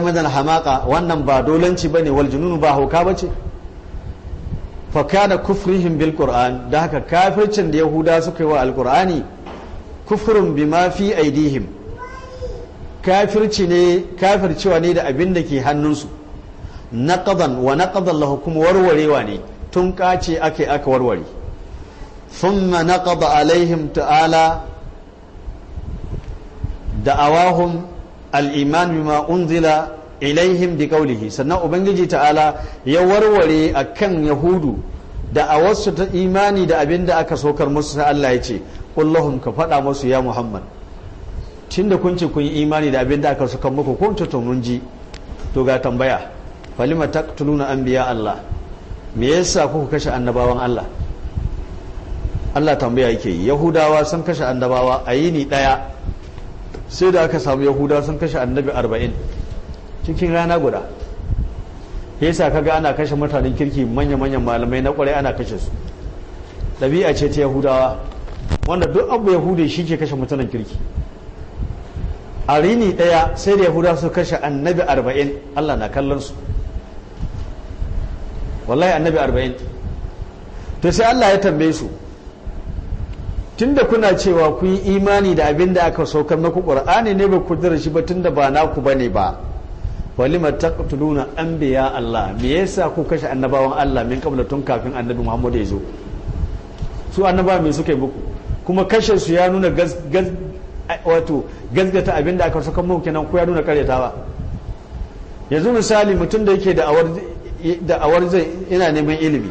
min hamaka wannan ba dolanci bane wal jununu ba hauka bace fa kana kufrihim bil qur'an da haka kafircin da yahuda suka yi wa alqur'ani kufrun bima fi aidihim kafirci ne kafircewa ne da abin da ke hannunsu naqadan wa naqadan lahu kuma warwarewa ne tun kace ake aka warware thumma naqada alaihim ta'ala da'awahum Al'iman iman bima unzila ilaihim bi kaulihi sannan ubangiji ta'ala ya warware a kan yahudu da a wasu ta imani da abin da aka saukar musu sai Allah ya ce kullahum ka faɗa musu ya Muhammad tunda kun ce kun yi imani da abin da aka saukar muku kun ta mun ji to ga tambaya falima taqtuluna anbiya Allah me yasa kuka kashe annabawan Allah Allah tambaya yake yahudawa sun kashe annabawa a yini ɗaya. sai da aka samu yahuda sun kashe annabi arba'in cikin rana guda ya yasa kaga ana kashe mutanen kirki manya-manyan malamai na kwarai ana kashe su ɗabi'a ce ta yahudawa wanda duk abu yahudi shi ke kashe mutanen kirki a rini ɗaya sai da yahuda su kashe annabi arba'in allah na kallon su wallahi annabi arba'in to sai allah ya tambaye su tunda kuna cewa ku yi imani da abin da aka saukar na ku ne ba ku shi ba tunda ba naku ne ba walima an biya Allah me yasa ku kashe annabawan Allah min qabla tun kafin annabi Muhammad ya zo su annaba me suka yi muku kuma kashe su ya nuna gaz wato gazgata abin da aka saukar muku kenan ku ya nuna karyatawa yanzu misali mutum da yake da awar da awar zai ina neman ilimi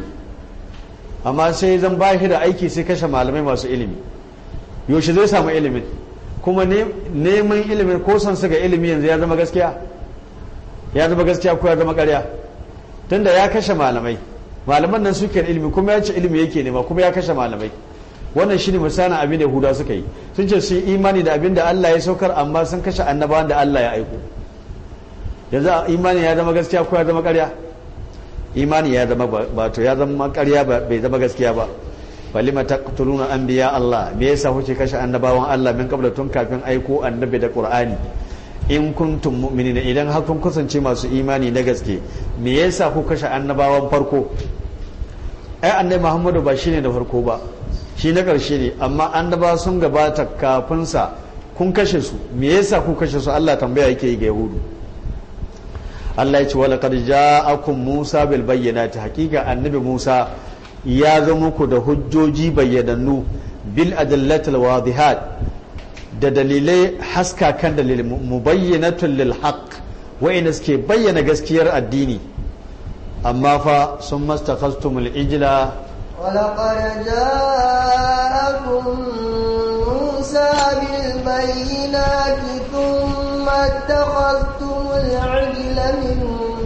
amma sai zan ba shi da aiki sai kashe malamai masu ilimi yaushe zai samu ilimin kuma neman ilimin ko san su ga ilimi yanzu ya zama gaskiya ya zama gaskiya ko ya zama karya tunda ya kashe malamai malaman nan suke da ilimi kuma ya ce ilimi yake nema kuma ya kashe malamai wannan shine misalin abin da Yahuda suka yi sun ce su imani da abin da Allah ya saukar amma sun kashe annabawan da Allah ya aiko yanzu imani ya zama gaskiya ko ya zama karya imani ya zama ba to ya zama ƙarya bai zama gaskiya ba falima an biya Allah me yasa kuke kashe annabawan Allah min kabla tun kafin aiko annabi da Qur'ani in kuntum mu'minina idan har kun kasance masu imani na gaske me yasa ku kashe annabawan farko ai annabi Muhammadu ba shine da farko ba shi na karshe ne amma annaba sun gabata kafin sa kun kashe su me yasa ku kashe su Allah tambaya yake yi ga Yahudu Allah ya ce wala qad ja'akum Musa bil bayyinati hakika annabi Musa ya zo muku da hujjoji bayyanannu bil adillatil wadihat da dalilai haska kan dalil mubayyinatun lil haqq wa'inda suke bayyana gaskiyar addini amma fa sun mastakhastumul ijla ولقد جاءكم موسى بالبينات ثم اتخذتم العجل من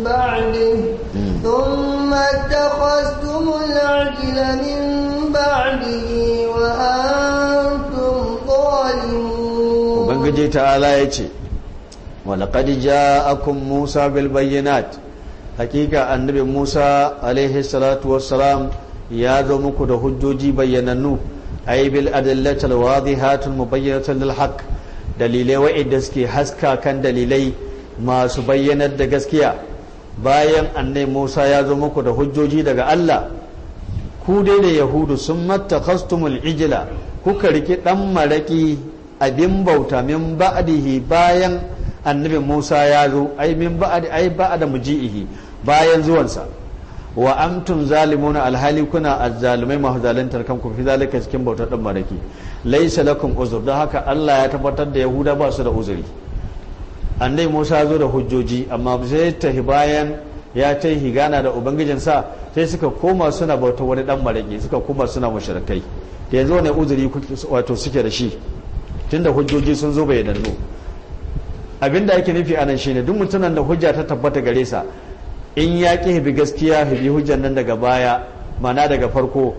بعده ثم اتخذتم العجل من بعده وأنتم ظالمون وبنجي تعالى يتي ولقد جاءكم موسى بالبينات حقيقة النبي موسى عليه الصلاة والسلام ya zo muku da hujjoji bayyanannu ay bil adillatil wadihatul mubayyinatil lil haqq dalilai wa'idda suke haska kan dalilai masu bayyanar da gaskiya bayan annai Musa ya zo muku da hujjoji daga Allah ku dai da yahudu sun mata kastumul ijila kuka riki dan maraki abin bauta min ba'dihi bayan annabi Musa ya zo ai min ba'di ai ba'da muji'ihi bayan zuwansa wa amtum zalimuna alhali kuna azzalimai mahu zalantar kanku fi zalika cikin bautar dan maraki laysa lakum uzur da haka Allah ya tabbatar da yahuda ba su da uzuri annai musa zo da hujjoji amma zai tahi bayan ya ta yi gana da ubangijinsa sai suka koma suna bauta wani dan maraƙi suka koma suna mashirkai da yanzu wani uzuri wato suke da shi tunda hujjoji sun zo bai abin da ake nufi anan shine duk mutumin da hujja ta tabbata gare sa in ya ƙi hibi gaskiya hibi hujjan nan daga baya mana daga farko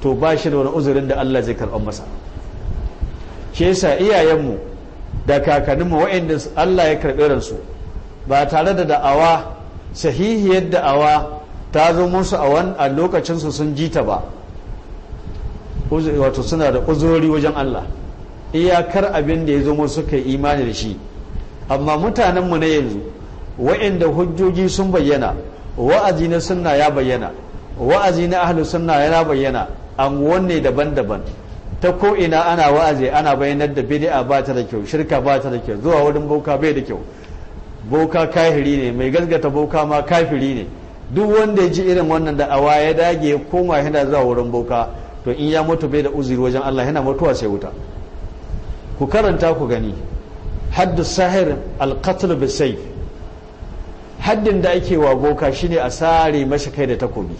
to ba shi da wani uzurin da Allah zai karɓar masa shi yasa iyayenmu da kakanninmu waɗanda Allah ya karɓi ransu ba tare da da'awa sahihiyar da'awa ta zo musu a lokacinsu sun ji ta ba wato suna da uzuri wajen Allah iyakar abin da ya zo musu suka yi imani da shi amma mutanenmu na yanzu waɗanda hujjoji sun bayyana wa'azi na sunna ya bayyana wa'azi na ahlus sunna ya bayyana anguwan ne daban-daban ta ko ina ana wa'azi ana bayanar da bidi'a ba ta da kyau shirka ba ta da kyau zuwa wurin boka bai da kyau boka kafiri ne mai gasgata boka ma kafiri ne duk wanda ya ji irin wannan da awa ya dage ya koma yana zuwa wurin boka to in ya mutu bai da uzuri wajen Allah yana mutuwa sai wuta ku karanta ku gani haddu sahir alqatl bi sayf haddin da ake wa boka shine a sare mashi kai da takobi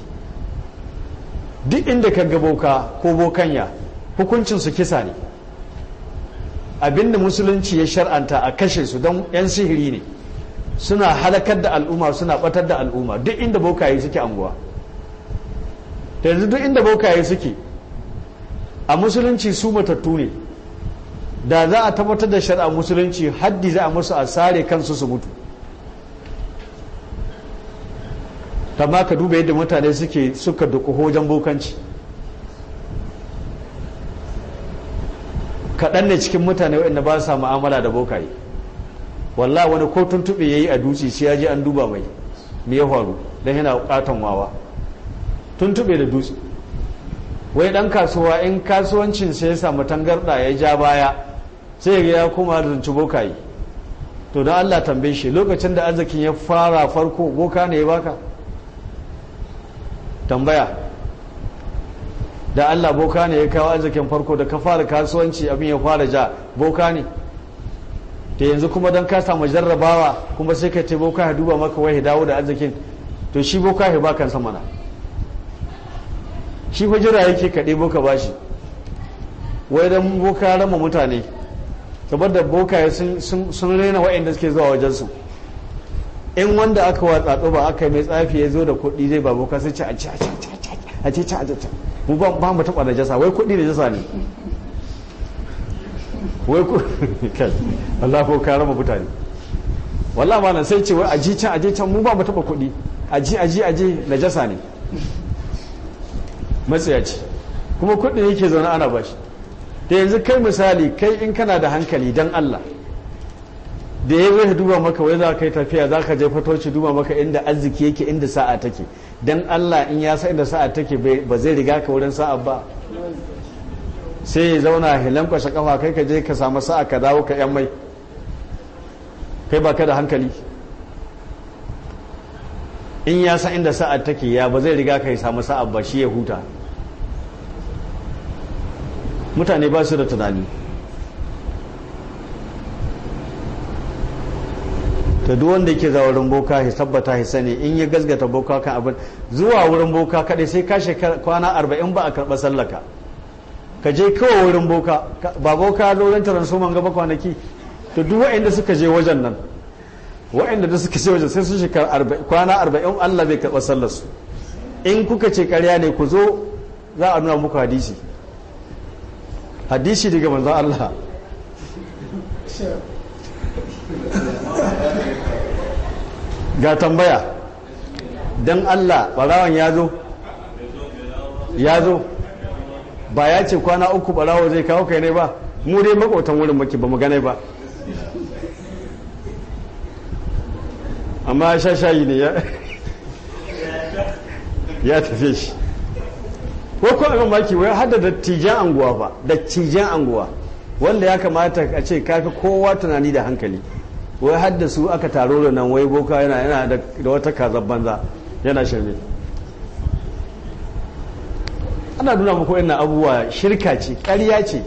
duk inda ka ga boka ko bokanya hukuncin su kisa ne abinda musulunci ya shar'anta a kashe su don 'yan sihiri ne suna halakar da al'umma suna batar da al'umma duk inda bokaye suke anguwa da yanzu duk inda bokaye suke a musulunci su matattu ne da za a tabbatar da shari'a musulunci haddi za a musu a sare kansu su mutu amma ka duba yadda mutane suke suka duku hojan bokanci kaɗan ne cikin mutane waɗanda ba su mu'amala da bokaye wallah wani ko tuntuɓe ya yi a duci sai ya je an duba mai mai ya faru don yana ƙaton wawa tuntuɓe da dutse wai ɗan kasuwa in kasuwancin sai ya samu tangarɗa ya ja baya sai ya kuma zanci bokaye to don allah tambaye shi lokacin da arzikin ya fara farko boka ne ya baka tambaya da Allah boka ne ya kawo arzikin farko da ka fara kasuwanci abin ya fara ja boka ne da yanzu kuma don ka samu jarrabawa kuma sai ka ce boka ya duba maka wai dawo da arzikin to shi boka ya bakan sama na shi fa jira yake kaɗe boka bashi wai don boka rama mutane saboda boka sun rena waɗanda suke zuwa wajensu in wanda aka watsa ba aka mai tsafi ya zo da kuɗi zai ba boka sai ci a ci a ci a ci a ci a ci mu ba mu taba najasa wai kuɗi najasa ne wai ku kai Allah ko kare mu mutane wallahi malam sai ce wai aji can aji can mu ba mu taba kudi aji aji aji najasa ne matsayaci kuma kuɗin yake zaune ana bashi da yanzu kai misali kai in kana da hankali dan Allah da ya zai duba maka wai za ka yi tafiya za ka je fatoci duba maka inda arziki yake inda sa'a take dan Allah in ya sa da sa'a take ba zai riga ka wurin sa'a ba sai ya zauna hilan kwashe kafa kai ka je ka samu sa'a ka dawo ka yan mai kai ba ka da hankali in ya sa inda sa'a take ya ba zai riga ka yi samu sa'a ba shi ya huta mutane ba su da tunani to duk wanda yake zuwa wurin boka ya tabbata ya sani in ya gasgata boka kan abin zuwa wurin boka kadai sai ka shekara kwana arba'in ba a karɓa sallaka ka je kawai wurin boka ba boka lorin taransoman gaba kwanaki to duk waɗanda suka je wajen nan wa'inda da suka je wajen sai sun shekara kwana arba'in allah bai karɓa su in kuka ce karya ne ku zo za a nuna muku hadisi hadisi daga manzon allah ga tambaya don allah barawan ya zo ya zo ba ya ce kwana uku barawo zai kawo kai ne ba mu dai makotan wurin maki ba mu gane ba amma shayi ne ya tafi shi ko kuma abin maki wai hada da tijan anguwa ba da tijan anguwa wanda ya kamata a ce kafi kowa tunani da hankali wai haddasa aka taro da nan wai boka yana yana da wata kazan banza yana shirme ana nuna muku yana abubuwa shirka ce ƙarya ce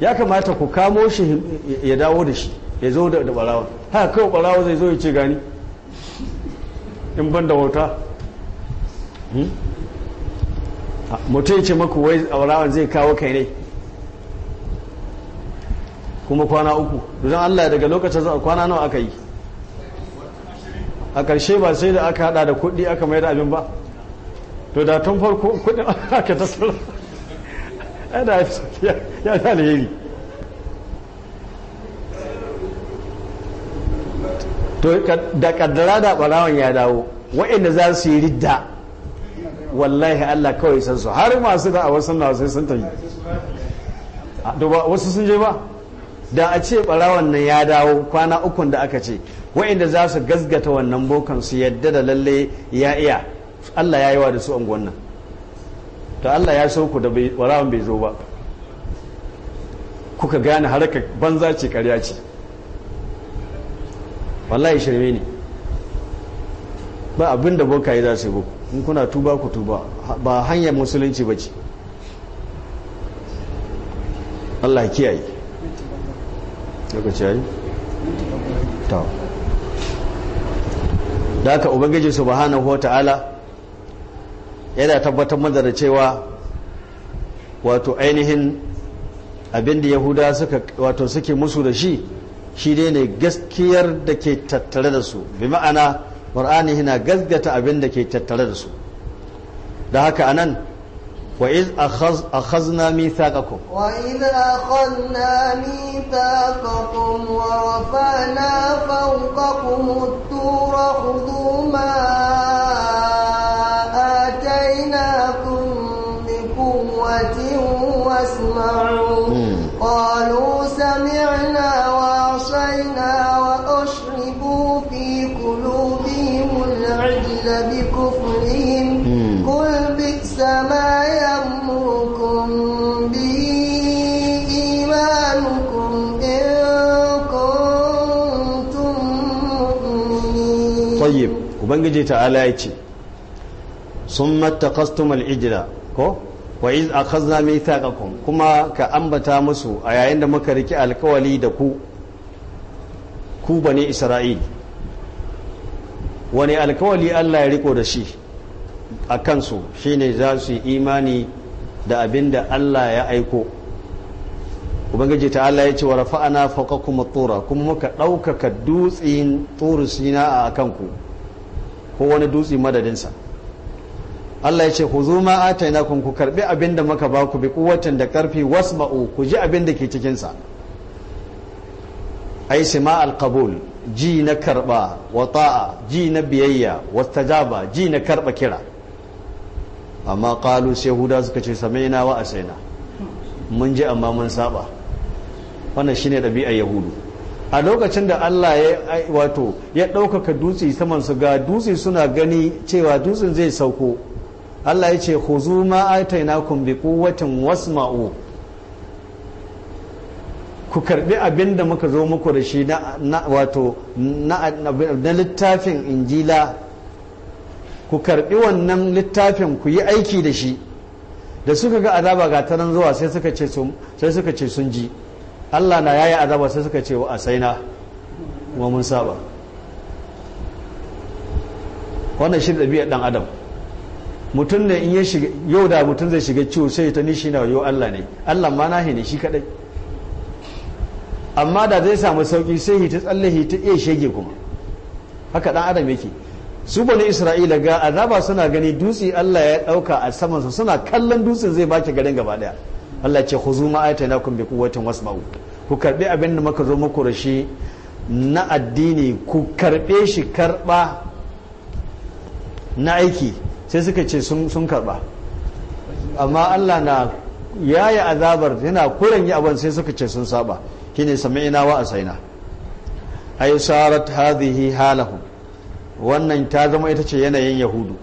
ya kamata ku kamo shi ya dawo da shi ya zo da barawa haka kawai barawa zai zo ya ce gani in ban da wauta hmm? ah, mutum ya ce maku wai barawan zai kawo kai ne kuma kwana uku don Allah daga lokacin za kwana nawa aka yi a ƙarshe ba sai da aka hada da kuɗi aka mai da abin ba to da tun farko kuɗin aka ta yana da ya ta alheri to da kaddara da ɓarawan ya dawo waɗanda za su yi ridda wallahi Allah kawai san su har masu da wasu nawa sai sun tafi a wasu sun je ba da a ce barawan nan ya dawo kwana ukun da aka ce wa'inda za su gasgata wannan bokan su yadda da lalle ya iya Allah ya yi wa da su unguwan nan to Allah ya so da barawan bai zo ba kuka gane harka banza ce karya ce wallahi shirme ne ba abin da yi za su yi boku in kuna tuba ku tuba ba hanyar musulunci ba ce Allah kiyaye lokaci yayi to daga ubangiji subhanahu wataala yana tabbatar mana da cewa wato ainihin abinda yahuda wato suke musu da shi shi dai ne gaskiyar da ke tattare da su bi ma'ana ƙur'ani yana gaskata abin da ke tattare da su da haka anan وإذ أخذ أخذنا ميثاقكم وإذ أخذنا ميثاقكم ورفعنا فوقكم الطور خذوا ما ubangiji ta'ala ya ce sun kastomal ijira ko wa iz akhadna mithaqakum kuma ka ambata musu a yayin da muka riki alkawali da ku ku bane isra'il wani alkawali Allah ya riko da shi a kansu shine za su yi imani da abin da Allah ya aiko ubangiji ta Allah ya ce wa rafa'ana fawqakum at-tura kuma muka ɗaukaka dutsen turu sina a kanku ko wani dutse madadinsa Allah ya ce ku zo ma ataina kun ku karbi abin da muka ba ku bi kuwatin da karfi wasma'u ku ji abin da ke cikin sa ai sima alqabul ji na karba wa ta'a ji na biyayya tajaba ji na karba kira amma qalu sai suka ce samaina wa asaina mun ji amma mun saba wannan shine dabi'ar yahudu a lokacin da Allah ya wato ya ɗaukaka dutse saman su ga dutse suna gani cewa dutsen zai sauko Allah ya ce khuzu ma atainakum bi quwwatin wasma'u ku karbi abin da muka zo muku da shi na wato na littafin injila ku karbi wannan littafin ku yi aiki da shi da suka ga azaba ga ta zuwa sai suka ce sun ji Allah na yayi azaba sai suka ce wa asaina kuma mun saba wannan shi ɗabi'ar ɗan adam mutum ne in ya shiga yau da mutum zai shiga ciwo sai ta nishi na yau Allah ne Allah ma na ne shi kadai amma da zai samu sauki sai hita tsallahi ta iya shege kuma haka ɗan adam yake su bani isra'ila ga azaba suna gani dutse Allah ya ɗauka a samansa suna kallon dutsen zai baki garin gaba daya. Allah ce ku zuma khuzu na atainakum bi wasu ba'u ku karbi abin da muka zo muku rashi na addini ku karbe shi karba na aiki sai suka ce sun karba amma Allah na yaya azabar yana kuran yi abin sai suka ce sun saba shine sami'ina wa asaina ay sarat hadhihi halahu wannan ta zama ita ce yanayin yahudu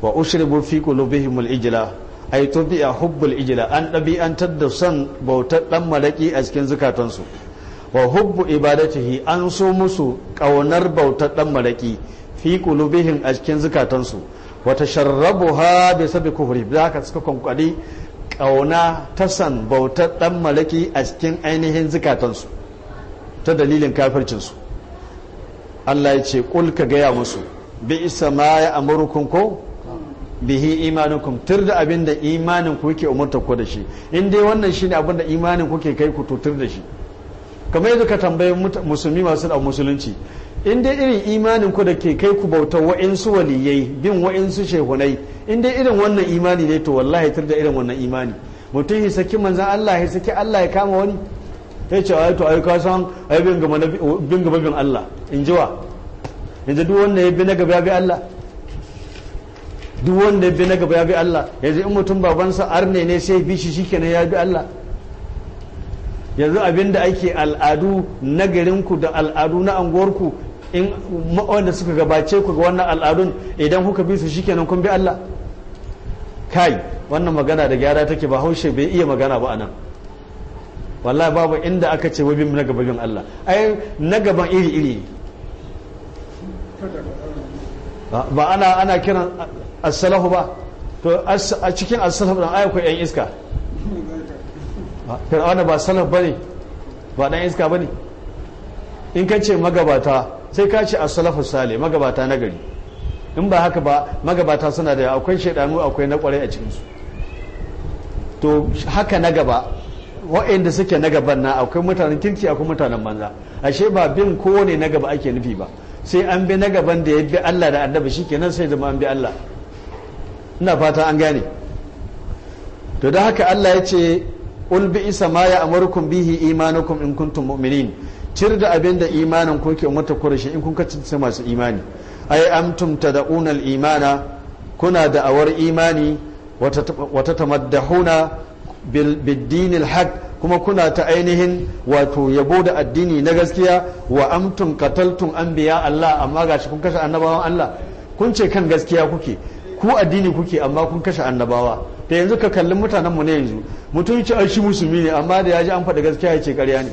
wa ushribu fi qulubihim al-ijla ai a hubbul ijila an ɗabi'antar da son bautar ɗan malaki a cikin zukatansu wa hubbu ibadatihi an so musu ƙaunar bautar ɗan malaki fi bihin a cikin zukatansu sharrabu ha bai sabi kufri da haka suka konkwadi ƙauna ta son bautar ɗan malaki a cikin ainihin zukatansu ta dalilin kafircinsu Allah ya ce ƙul gaya musu bi isa ma ya amurkun ko bihi imanukum tur da abin da imanin ku yake umurta ku da shi in dai wannan shine abin da imanin ku ke kai ku to tur da shi kamar yadda ka tambayi musulmi masu da musulunci in dai irin imanin ku da ke kai ku bautar wa'insu waliyai bin wa'insu shehunai in dai irin wannan imani ne to wallahi tur da irin wannan imani mutum ya saki manzan Allah ya saki Allah ya kama wani ya ce ai to ai ka san ai bin gaba bin Allah in jiwa yanzu duk wanda ya bi na gaba ya bi Allah duk wanda bi na gaba ya bi Allah yanzu in mutum babansa arne ne sai bi shi shikenan ya bi Allah yanzu abinda ake al'adu na garinku da al'adu na anguwarku in wanda suka gabace ku ga wannan al'adun idan kuka bi su shikenan kun bi Allah kai wannan magana da gyara take ba haushe bai iya magana ba anan wallahi babu inda aka ce wabin na gaba bin Allah ai na gaban iri iri ba ana ana kiran asalahu salahu ba to a cikin asalahu salahu dan yan iska fir'auna ba ba ne ba dan iska ne in ka ce magabata sai ka ce asalahu sale magabata nagari in ba haka ba magabata suna da akwai shaidanu akwai na kwarai a cikinsu to haka na gaba wa'anda suke na gaban na akwai mutanen kirki akwai mutanen banza ashe ba bin kowane na gaba ake nufi ba sai an bi na gaban da ya bi Allah da annabi kenan sai zama an bi Allah ina fata an gane to da haka Allah ya ce ulbi bi isa ma ya ya'murukum bihi imanukum in kuntum mu'minin cir da abin da imanin ku ke mata kurashi in kun kace masu imani ai amtum tad'una al-imana kuna da awar imani wata tamaddahuna bid-din haq kuma kuna ta ainihin wato yabo da addini na gaskiya wa amtum an biya Allah amma gashi kun kashe annabawan Allah kun ce kan gaskiya kuke ku addini kuke amma kun kashe annabawa da yanzu ka kalli mutanenmu ne yanzu mutum ci shi musulmi ne amma da ya ji an faɗi gaskiya ya ce karya ne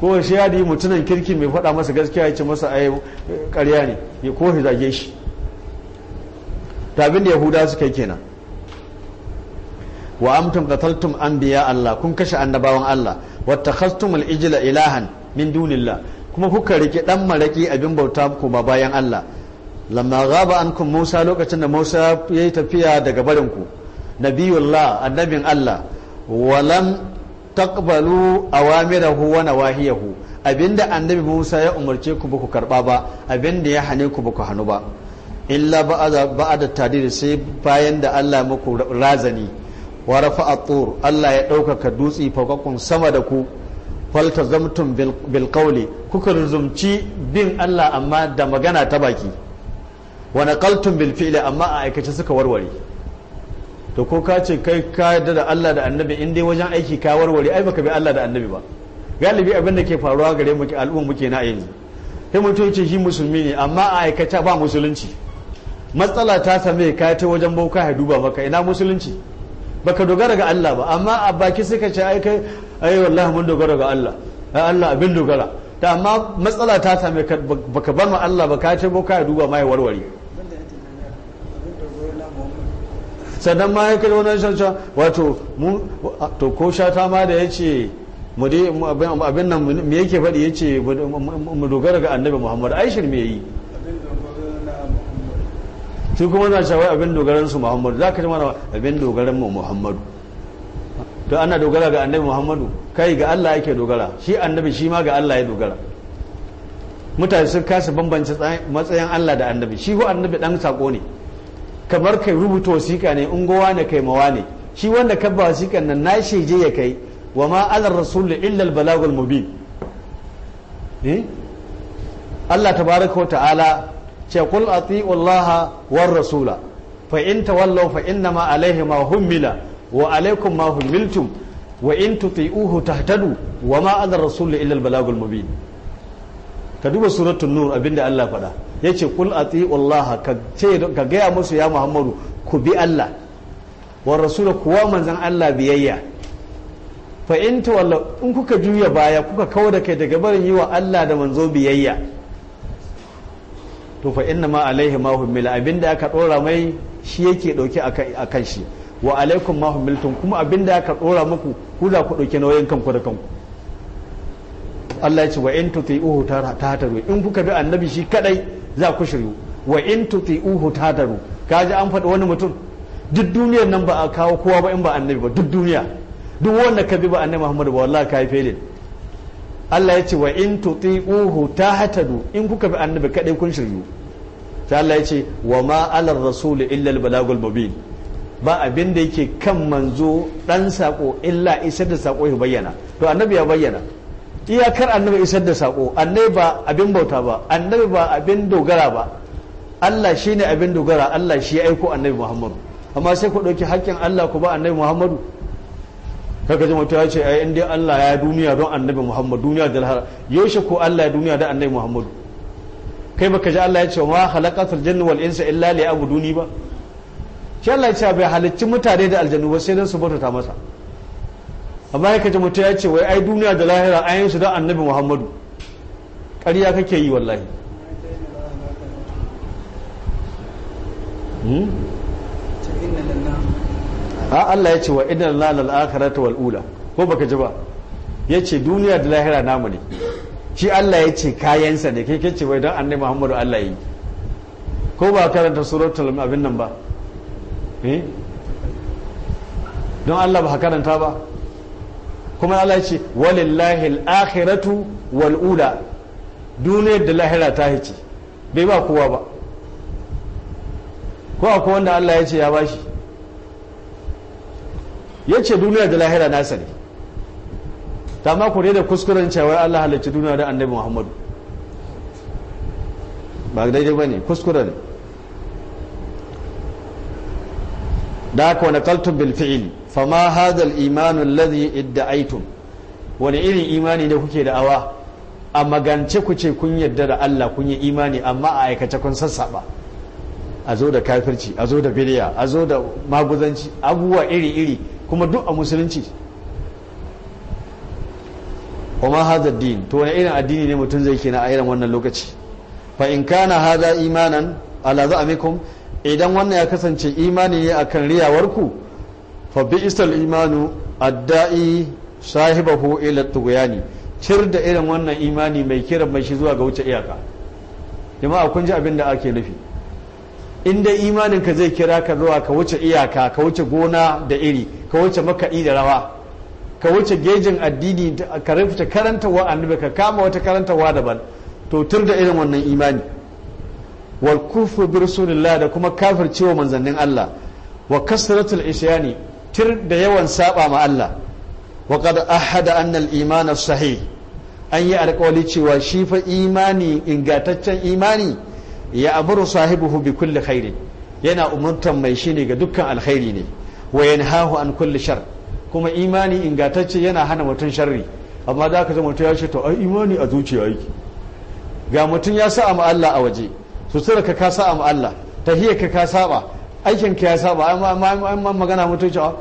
ko shi ya yi mutunan kirki mai faɗa masa gaskiya ya ce masa ai karya ne ya ko zage shi ta ya da yahuda suka kenan wa amtum qataltum anbiya Allah kun kashe annabawan Allah wattakhastum al-ijla ilahan min dunillah kuma kuka rike dan maraki abin bauta kuma bayan Allah lamma an kun Musa lokacin da Musa ya yi tafiya daga barinku. ku nabiyullah annabin Allah walam taqbalu awamirahu wa nawahiyahu abinda annabi Musa ya umarce ku baku karba ba abinda ya hane ku baku hannu ba illa da tadiri sai bayan da Allah muku razani wa rafa'a tur Allah ya ɗaukaka dutsi fakakun sama da ku faltazamtum bil qawli kuka ruzumci bin Allah amma da magana ta baki wa naqaltum bil fi'li amma a aikace suka warware to ko ka ce kai ka yarda da Allah da annabi in dai wajen aiki ka warware ai baka bi Allah da annabi ba galibi abin da ke faruwa gare mu al'umma muke na yanzu sai mutum ce shi musulmi ne amma a aikace ba musulunci matsala ta same ka ta wajen bauka ya duba maka ina musulunci baka dogara ga Allah ba amma a baki suka ce ai kai ai wallahi mun dogara ga Allah ai Allah abin dogara ta amma matsala ta same ka baka bar Allah ba ka ta bauka ya duba ma warware sannan ma ya kai wani shan wato mu to ko shata ma da ya ce mu dai abin nan me yake faɗi ya ce mu dogara ga annabi muhammad aishir me yi su kuma na shawai abin dogaran su muhammadu za ka ji mana abin dogaran mu muhammadu to ana dogara ga annabi muhammadu kai ga allah yake dogara shi annabi shi ma ga allah ya dogara mutane sun kasa bambance matsayin allah da annabi shi ko annabi dan sako ne kamar kai rubuta wasiƙa ne unguwa ne kai mawa ne shi wanda ka ba wasiƙan nan na je ya kai wa ma alar rasul illa balagul mubin eh Allah tabaraka wa ta'ala ce qul ati'u Allah war rasula fa in tawallaw fa inna ma alaihi ma wa alaikum ma humiltum wa in tuti'uhu tahtadu wa ma alar rasul illa balagul mubin ka duba suratul nur abinda Allah faɗa ce kul ati'u Allah ka ka gaya musu ya Muhammadu ku bi Allah wa rasula kuwa manzan Allah biyayya fa in tawalla in kuka juya baya kuka kawo da kai daga barin yi wa Allah da manzo biyayya to fa inna ma alaihi ma humila abinda aka dora mai shi yake dauke akan shi wa alaikum ma humiltum kuma abinda aka dora muku ku da ku dauke nauyin kanku da kanku Allah ya ce wa in tuti'uhu tahtaru in kuka bi annabi shi kadai za ku shiryu wa in tuti'uhu tahtaru kaji an faɗi wani mutum duk duniyar nan ba a kawo kowa ba in ba annabi ba duk duniya duk wanda ka bi ba annabi Muhammadu ba wallahi kai felin Allah ya ce wa in tuti'uhu tahtadu in kuka bi annabi kadai kun shiryu sai Allah ya ce wa ma alar rasul illa al balagul mubin ba abin da yake kan manzo dan sako illa isar da sako ya bayyana to annabi ya bayyana iyakar annabi isar da sako annabi ba abin bauta ba annabi ba abin dogara ba Allah shi ne abin dogara Allah shi ya aiko annabi Muhammadu amma sai ku ɗauki hakkin Allah ku ba annabi Muhammadu kaga ji mutum ya ce ai inda Allah ya duniya don annabi Muhammadu duniya da lahara yaushe ko Allah ya duniya da annabi Muhammadu kai baka ji Allah ya ce ma khalaqatul jinni wal insa illa liya'buduni ba shi Allah ya ce bai halicci mutane da aljanu ba sai dan su bauta masa a ya kaji mutum ya ce wai ai duniya da lahira ayin su da annabi muhammadu ƙarya kake yi wallahi hmm? a Allah ya ce wa idan lalal akarata ta wal'ula ko baka ji ba ya ce duniya da lahira namu ne shi Allah ya ce kayansa ne kai kai ce wai don annabi muhammadu Allah ya yi ko ba karanta suratul abin nan ba hmm? don Allah ba karanta ba kuma Allah ce walillahi al-akhiratu wal ula duniyar da lahira ta hice bai ba kowa ba ko akwai wanda Allah ya ce ya bashi ya ce duniyar da lahira nasa ne ta ma kure da kuskuren cewa Allah halarci duniya da annabi Muhammadu ba daidai ba ne kuskuren da aka wani kaltun bilfi'ili fama hadal imanun idda idda'aitum wani irin imani ne kuke da awa a magance ku ce kun yadda da Allah kun yi imani amma a aikace kun ba a zo da kafirci a zo da bidiya a zo da maguzanci abubuwa iri-iri kuma duk a musulunci kuma hada din to wani irin addini ne mutum zai kenan a irin wannan lokaci fa in kana hada imanan ala za'amikum idan wannan ya kasance imani ne akan riyawarku fa bi'sal imanu adda'i sahibahu ila tughyani cir da irin wannan imani mai kira mai shi zuwa ga wuce iyaka jama'a kun ji abin da ake nufi inda imanin ka zai kira ka zuwa ka wuce iyaka ka wuce gona da iri ka wuce makaɗi da rawa ka wuce gejin addini ka rufe karantarwa annabi ka kama wata karantarwa daban to tur da irin wannan imani wal kufu bi rasulillah da kuma kafircewa manzannin Allah wa kasratul isyani tir da yawan saba ma Allah wa qad ahada anna al-iman sahih an yi alƙawari cewa shi fa imani ingantaccen imani ya amuru sahibuhu bi kulli khairi yana umurtan mai shi ne ga dukkan alkhairi ne wa yanhahu an kulli shar kuma imani ingantacce yana hana mutum sharri amma da ka zama mutum ya ce to ai imani a zuciya yake ga mutum ya sa ma Allah a waje sutura ka ka sa ma Allah tahiyyar ka ka saba aikin ka ya saba amma magana mutu cewa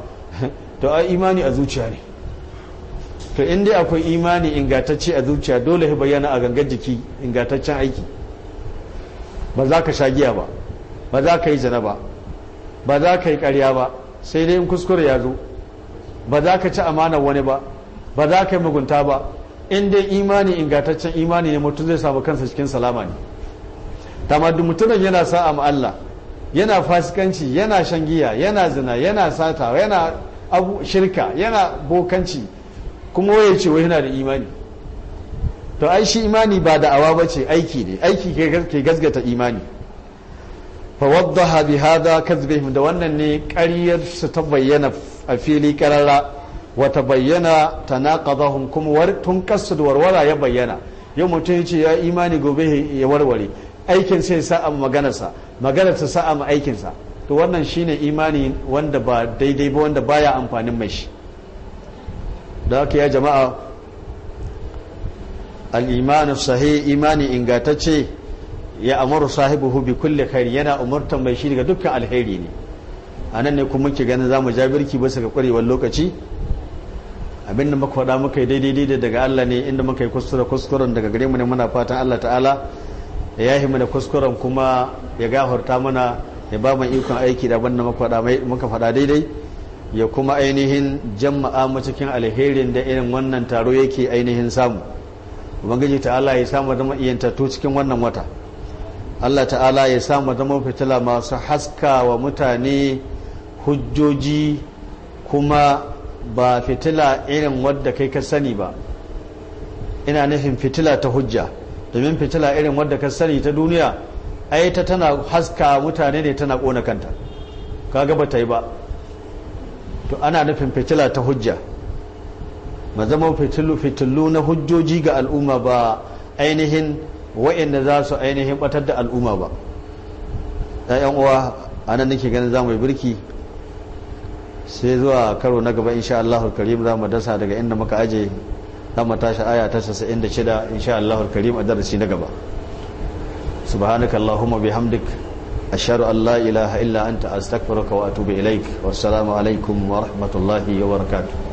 to a imani a zuciya ne to in dai akwai imani ingantacce a zuciya dole ya bayyana a gangan jiki ingantaccen aiki ba za ka sha giya ba ba za ka yi zina ba ba za ka yi karya ba sai dai in kuskure ya zo ba za ka ci amanar wani ba ba za ka yi mugunta ba in dai imani ingantaccen imani ne mutum zai samu kansa cikin salama ne tamaddu mutumin yana sa'a ma Allah yana fasikanci yana shan giya yana zina yana sata yana abu shirka yana bokanci kuma waye ce wai yana da imani to ai shi imani ba da awa ba ce aiki ne aiki ke gasgata imani waddaha bi hada kazbihim da wannan ne ƙaryar su ta bayyana a fili karara wa ta bayyana tanaqadahum kuma war tun kasu da warwara ya bayyana yau mutum ya ce ya imani gobe ya warware aikin sai sa'a maganarsa maganar ta sa'a ma aikinsa to wannan shine imani wanda ba daidai ba wanda baya amfanin mai shi da haka ya jama'a al-imanu sahih imani ingatacce ya amuru sahibu bi kulli khair yana umurtan mai shi daga dukkan alheri ne anan ne kuma muke ganin zamu jabirki bisa ga kwarewar lokaci Abin da muka faɗa muka yi daidai daidai daga Allah ne inda muka yi kuskure kuskuren daga gare mu ne muna fatan Allah ta'ala ya yahi mana kuskuren kuma ya gafarta mana ya ba mu ikon aiki da abin da muka faɗa daidai ya kuma ainihin jama'a mu cikin alherin da irin wannan taro yake ainihin samu ubangiji ta'ala ya samu zama iyantattu cikin wannan wata Allah ta'ala ya samu zama fitila masu haska wa mutane hujjoji kuma ba fitila irin wadda kai ka sani ba ina nufin fitila ta hujja domin fitila irin wadda ka sani ta duniya ai ta tana haska mutane ne tana kona kanta kaga ba ta yi ba to ana nufin fitila ta hujja ma zama fitilu fitilu na hujjoji ga al'umma ba ainihin wa'inda za su ainihin batar da al'umma ba ɗayan uwa a nan nake ganin za mu yi birki sai zuwa karo na gaba insha Allah karim za mu dasa daga inda muka aje za mu tashi aya ta shida insha Allahul Karim a darasi na gaba subhanaka allahumma bihamdik ashhadu an la ilaha illa anta astaghfiruka wa atubu ilaik wassalamu alaikum wa rahmatullahi wa